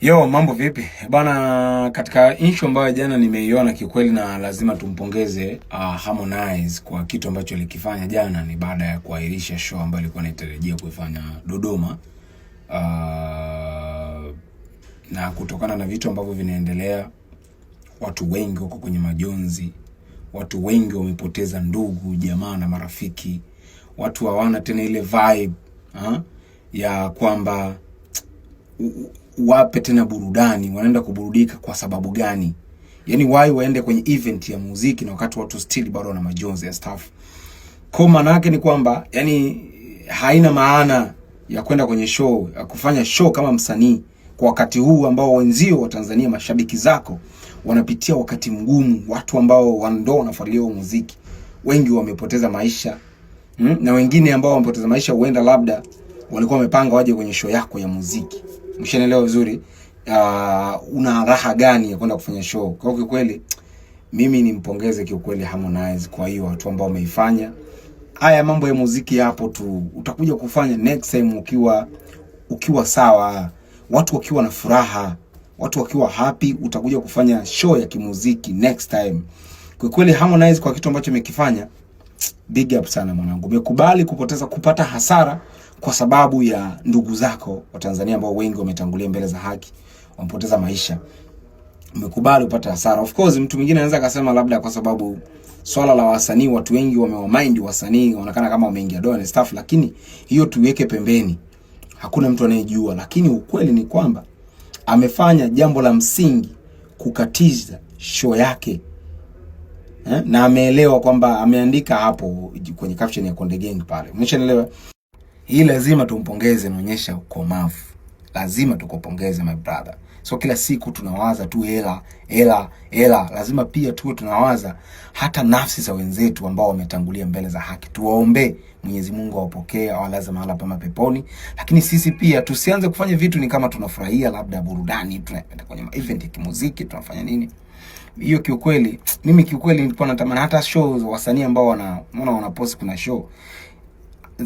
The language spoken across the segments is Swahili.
Yo, mambo vipi? Bana, katika issue ambayo jana nimeiona kiukweli, na lazima tumpongeze uh, Harmonize kwa kitu ambacho alikifanya jana, ni baada ya kuahirisha show ambayo alikuwa anatarajia kuifanya Dodoma, uh, na kutokana na vitu ambavyo vinaendelea, watu wengi wako kwenye majonzi, watu wengi wamepoteza ndugu, jamaa na marafiki, watu hawana tena ile vibe uh, ya kwamba wape tena burudani, wanaenda kuburudika kwa sababu gani? Yani wai waende kwenye event ya muziki na wakati watu still bado wana majonzi ya staff. Kwa maana yake ni kwamba yani haina maana ya kwenda kwenye show, ya kufanya show kama msanii kwa wakati huu ambao wenzio wa Tanzania mashabiki zako wanapitia wakati mgumu, watu ambao wando wanafuatilia muziki wengi wamepoteza maisha hmm? na wengine ambao wamepoteza maisha huenda labda walikuwa wamepanga waje kwenye show yako ya muziki. Umeshanielewa vizuri? Uh, una raha gani ya kwenda kufanya show? Kwa hiyo kiukweli mimi nimpongeze kiukweli Harmonize kwa hiyo watu ambao wameifanya. Haya mambo ya muziki hapo tu, utakuja kufanya next time ukiwa ukiwa sawa, watu wakiwa na furaha, watu wakiwa happy, utakuja kufanya show ya kimuziki next time. Kwa kweli Harmonize kwa kitu ambacho amekifanya, big up sana mwanangu, umekubali kupoteza kupata hasara kwa sababu ya ndugu zako Tanzania ambao wengi wametangulia mbele za haki, wamepoteza maisha, umekubali upate hasara. Of course mtu mwingine anaweza akasema labda kwa sababu swala la wasanii, watu wengi wamewamind wasanii, wanaonekana kama wameingia doa na staff, lakini hiyo tuiweke pembeni, hakuna mtu anayejua. Lakini ukweli ni kwamba amefanya jambo la msingi kukatiza show yake eh, na ameelewa kwamba ameandika hapo kwenye caption ya Konde Gang pale, umeshaelewa. Hii lazima tumpongeze, naonyesha ukomavu. Lazima tukupongeze my brother. So kila siku tunawaza tu hela hela hela, lazima pia tuwe tunawaza hata nafsi za wenzetu ambao wametangulia mbele za haki. Tuwaombe Mwenyezi Mungu awapokee, awalaze mahala pema peponi. Lakini sisi pia tusianze kufanya vitu ni kama tunafurahia labda burudani, tunaenda kwenye event ya kimuziki, tunafanya nini hiyo. Kiukweli mimi kiukweli nilikuwa natamani hata show wasanii ambao wana wana post kuna show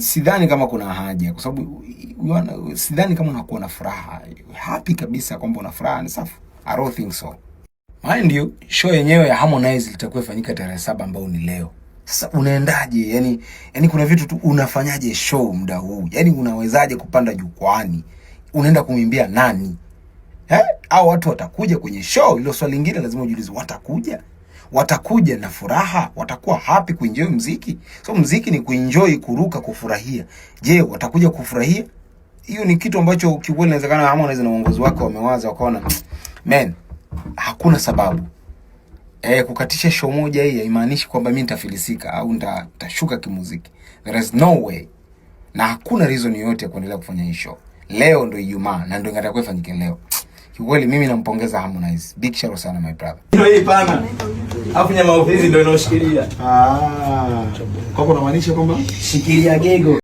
sidhani kama kuna haja, kwa sababu sidhani kama unakuwa na furaha happy kabisa kwamba una furaha ni safi. I don't think so. Mind you, show yenyewe ya Harmonize litakuwa ifanyika tarehe saba ambayo ni leo. Sasa unaendaje? Yani, yani kuna vitu tu unafanyaje show muda huu? Yani unawezaje kupanda jukwani? Unaenda kumwimbia nani? Eh? Au watu watakuja kwenye show? Hilo swali lingine lazima ujiulize, watakuja? watakuja na furaha, watakuwa happy kuenjoy mziki. So mziki ni kuenjoy, kuruka, kufurahia. Je, watakuja kufurahia? Hiyo ni kitu ambacho kiukweli inawezekana Harmonize na uongozi wake wamewaza wakaona, man, hakuna sababu E, kukatisha show moja hii haimaanishi kwamba mimi nitafilisika au nitashuka kimuziki. There is no way, na hakuna reason yoyote ya kuendelea kufanya hii show. Leo ndio Ijumaa na ndio ingatakuwa ifanyike leo. Kiukweli mimi nampongeza Harmonize. Big shout sana my brother. Ndio hii pana. Alafu nyama ofisi ndio inaoshikilia. Ah. Kwa hiyo unamaanisha kwamba shikilia gego.